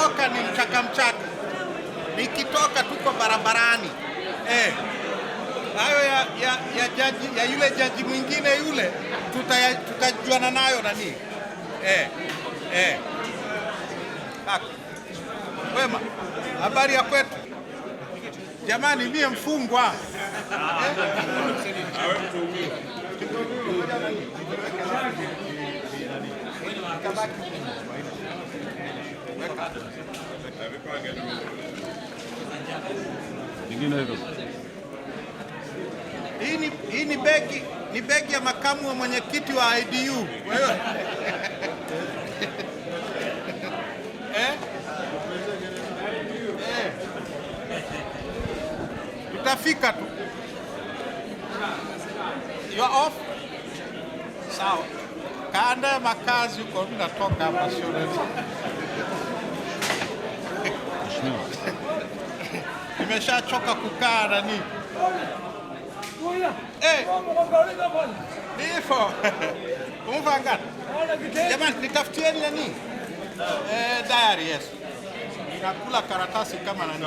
nikitoka ni mchaka mchaka, nikitoka tuko barabarani eh. Hayo ya, ya, ya, jaji, ya yule jaji mwingine yule tutajuana nayo nani eh, eh. Wema, habari ya kwetu jamani, mie mfungwa eh? Hii ni, hii ni begi ni begi ya makamu wa mwenyekiti wa IDU. Eh? Eh. Tutafika tu. You are off? Sawa. Kaanda makazi huko, tunatoka hapa sio Nimeshachoka kukaa nani eh. Jamani, nitafutieni nani eh, diary. Yes, nakula karatasi kama nani.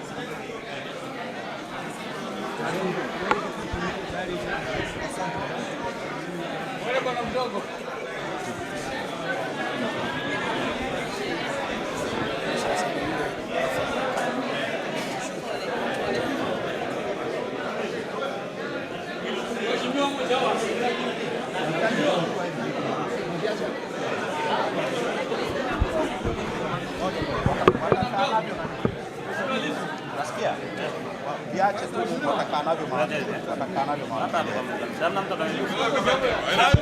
kidogo. viace tu watakaa navyo maana watakaa navyo maana